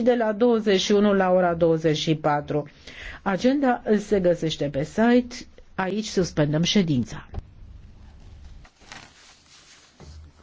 și de la 21 la ora 24. Agenda se găsește pe site. Aici suspendăm ședința.